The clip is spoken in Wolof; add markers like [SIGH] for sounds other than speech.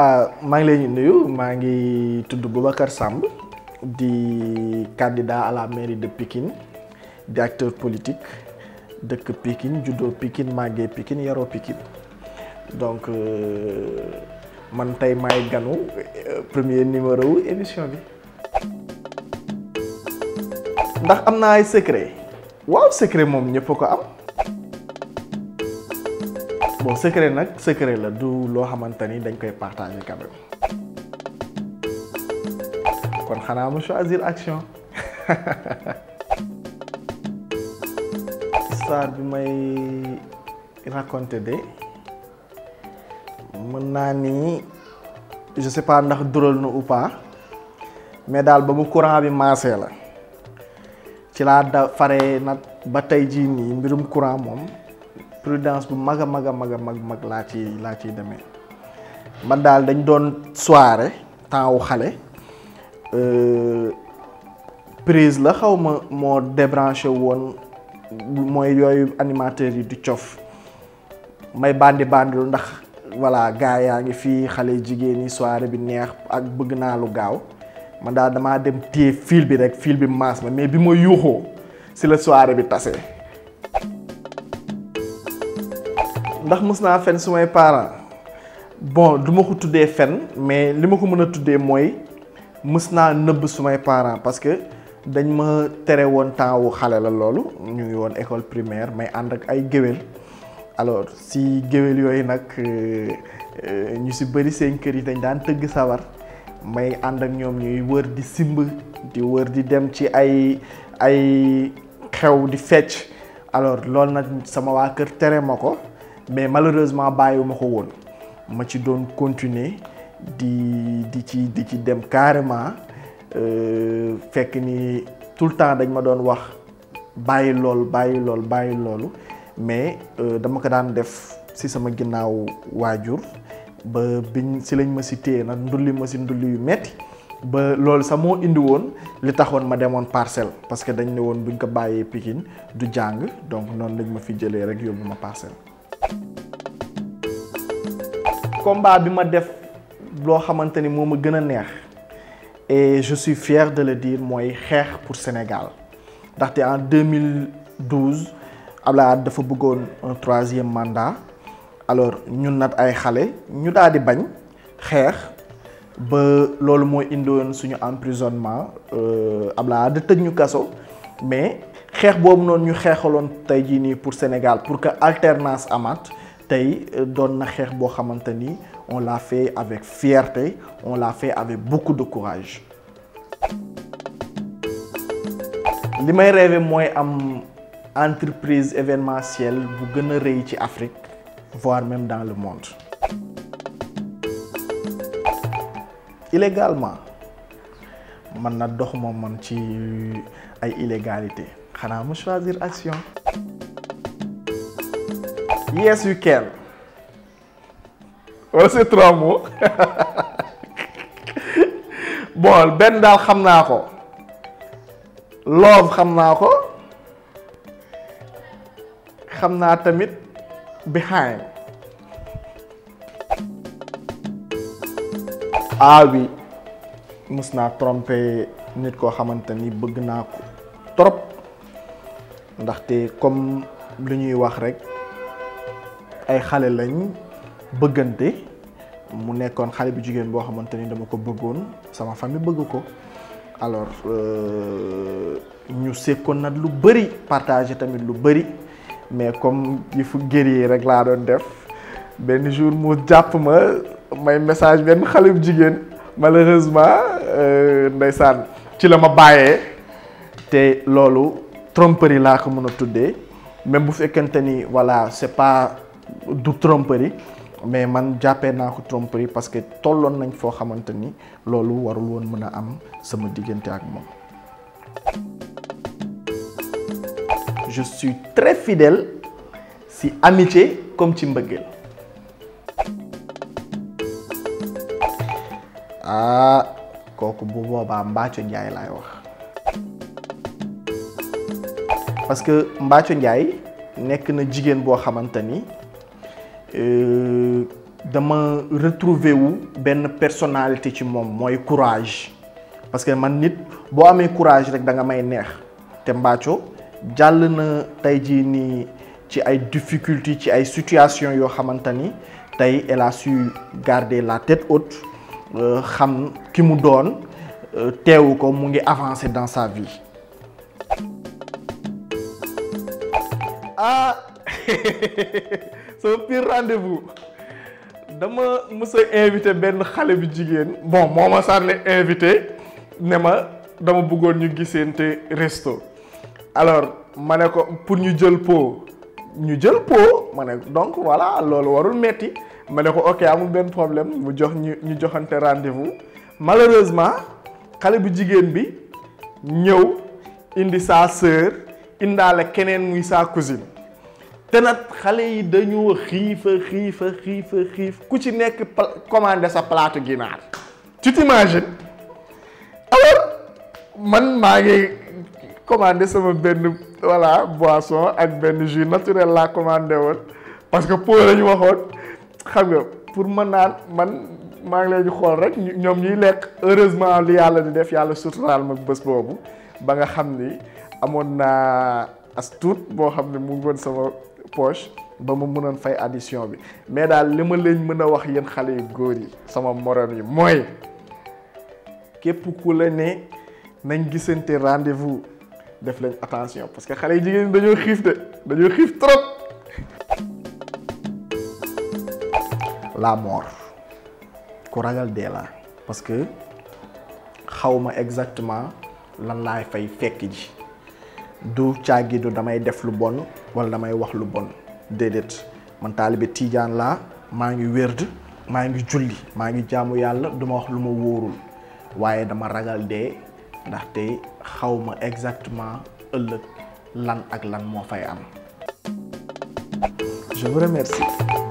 maa ngi leen di nuyu maa ngi tudd Boubacar Samb di candidat à la mairie de Pikine di acteur politique dëkk Pikine juddoo Pikine màggee yaroo donc man tey maay ganu premier numéro wu émission bi. ndax am na ay secret waaw secret moom ñëpp ko am. bon secret nak, secret la du lo partager quand même choisir action que [LAUGHS] bi may raconter je sais pas c'est drôle ou pas mais je ba courant bi la ci fare ba prudence bu mag maga maga a mag a mag mag laa ci laa ciy demee man daal dañ doon soirée temps wu euh, prise la débranché di may bandi ndax voilà gars yaa ngi fii xale jigéen soirée bi neex ak bëgg gaaw man fil bi rek mais si la soirée bi ndax mës naa fen su may parents bon du ma ko tuddee fen mais li ma ko mën a tuddee mooy mës naa nëbb sumay parent parce que dañ ma tere woon taawu xale la loolu ñu ngi woon école primaire may ànd ak ay géwél alors si géwél yooyu nag euh, euh, ñu si bëri seen kër yi dañ daan tëgg sabar may ànd ak ñoom ñuy wër di simb di wër di dem ci ay ay xew di fecc alors loolu nag sama waa kër tere ma ko mais malheureusement ma ko woon ma ci doon continuer di di ci di ci dem carrément euh, fekk ni tout le temps dañ ma doon wax bàyyi lool bàyyi loolu bàyyi loolu mais euh, dama ko daan def si sama ginnaaw waajur ba biñ si lañ ma si téye nag ndulli ma si ndulli yu metti ba loolu sax moo indi woon li taxoon ma demoon parcelle parce que dañ ne woon buñ ko bàyyee Pikine du jàng donc noonu lañ ma fi jëlee rek yóbbu ma parcelle combat bi ma def lo xamanteni moma gëna neex et je suis fier de le dire moy xex pour Sénégal ndaxte en 2012 Abdoulaye Wade dafa bëggoon un troisième mandat alors ñun nat ay xalé ñu daal di bañ xex ba loolu mooy indiwoon suñu emprisonnement euh, Abdoulaye Wade tëj ñu kasso mais xeex boobu noonu ñu xeexaloon tey pour Sénégal pour que l'alternance amaat tey euh, doon na xeex boo on l'a fait avec fierté on l'a fait avec beaucoup de courage. li may rêvé mooy am entreprise événementielle bu gën a ci Afrique voire même dans le monde. illégalement man na dox moom man ci ay illégalité xanaa mu choisir action yes you can wala c'est trois mots bon benn daal xam naa ko love xam naa ko xam naa tamit behind ah oui mus naa tromper nit koo xamanta ni bëgg naa ko trop ndaxte comme lu ñuy wax rek ay xale lañ bëggante mu nekkoon xale bu jigéen boo xamante ni dama ko bëggoon sama famille bëgg ko alors euh, ñu sekkoon nag lu bëri partagé tamit lu bëri mais comme yi fu guerrier rek laa doon def benn jour mu jàpp ma may message benn xale bu jigéen malheureusement euh, ndeysaan ci la ma bàyyee te loolu. tromperie laa ko mën a tuddee même bu fekkente ni voilà c'est pas du tromperie mais man jàppee naa ko tromperie parce que tolloon nañ foo xamante ni loolu warul woon mën a am sama diggante ak moom. je suis très fidèle si amitié comme ci mbëggeel. ah kooku bu boobaa Mbathio Ndiaye laay wax. parce que Mbacho Ndiaye nek na jigen bo xamante euh dama retrouver wu ben personnalité ci mom moy courage parce que man nit bo amé courage rek da nga may neex té Mbathio jall na tey jii nii ci ay difficultés ci ay situations yo xamante tay elle a su garder la tête haute euh, xam ki mu doon euh, teewu ko mu ngi avancer dans sa vie ah sama [LAUGHS] pire rendez-vous dama mës invité benn xale bu jigéen bon moo ma sànni invité ne ma dama bëggoon ñu giseente resto alors ma ne ko pour ñu jël pot ñu jël po ma ne donc voilà loolu warul metti ma ne ko ok amul benn problème mu jox ñu ñu joxante rendez-vous malheureusement xale bu jigéen bi ñëw indi sa sœur indaale keneen muy sa cousine te nag xale yi dañoo xiifa xiifa xiifa xiif ku ci nekk commandé sa palaatu ginaar tu t'imagines alors man maa ngi commandé sama benn voilà boisson ak benn jus naturel laa commandé woon parce que pour la ñu waxoon xam nga pour ma naan man maa ngi leen di xool rek ñoom ñuy lekk heureusement li yàlla di def yàlla suturaal ma bés boobu ba nga xam ni amoon naa as tuut boo xam ne mu ngi sama poche ba ma mënoon fay addition bi mais daal li ma leen mën a wax yéen xale yu góor yi sama morom yi mooy képp ku la ne nañ gisante rendez-vous def leen attention parce que xale yu jigéen ñi dañoo xiif de dañoo xiif trop. la mort ku ragal dee la parce que xaw ma exactement lan laay fay fekk ji. du caagi du damay def lu bon wala damay wax lu bon déedéet man taalibe tiijaan laa maa ngi wérd maa ngi julli maa ngi jaamu yàlla duma wax lu ma wóorul waaye dama ragal dee ndaxte xaw ma exactement ëllëg lan ak lan moo fay am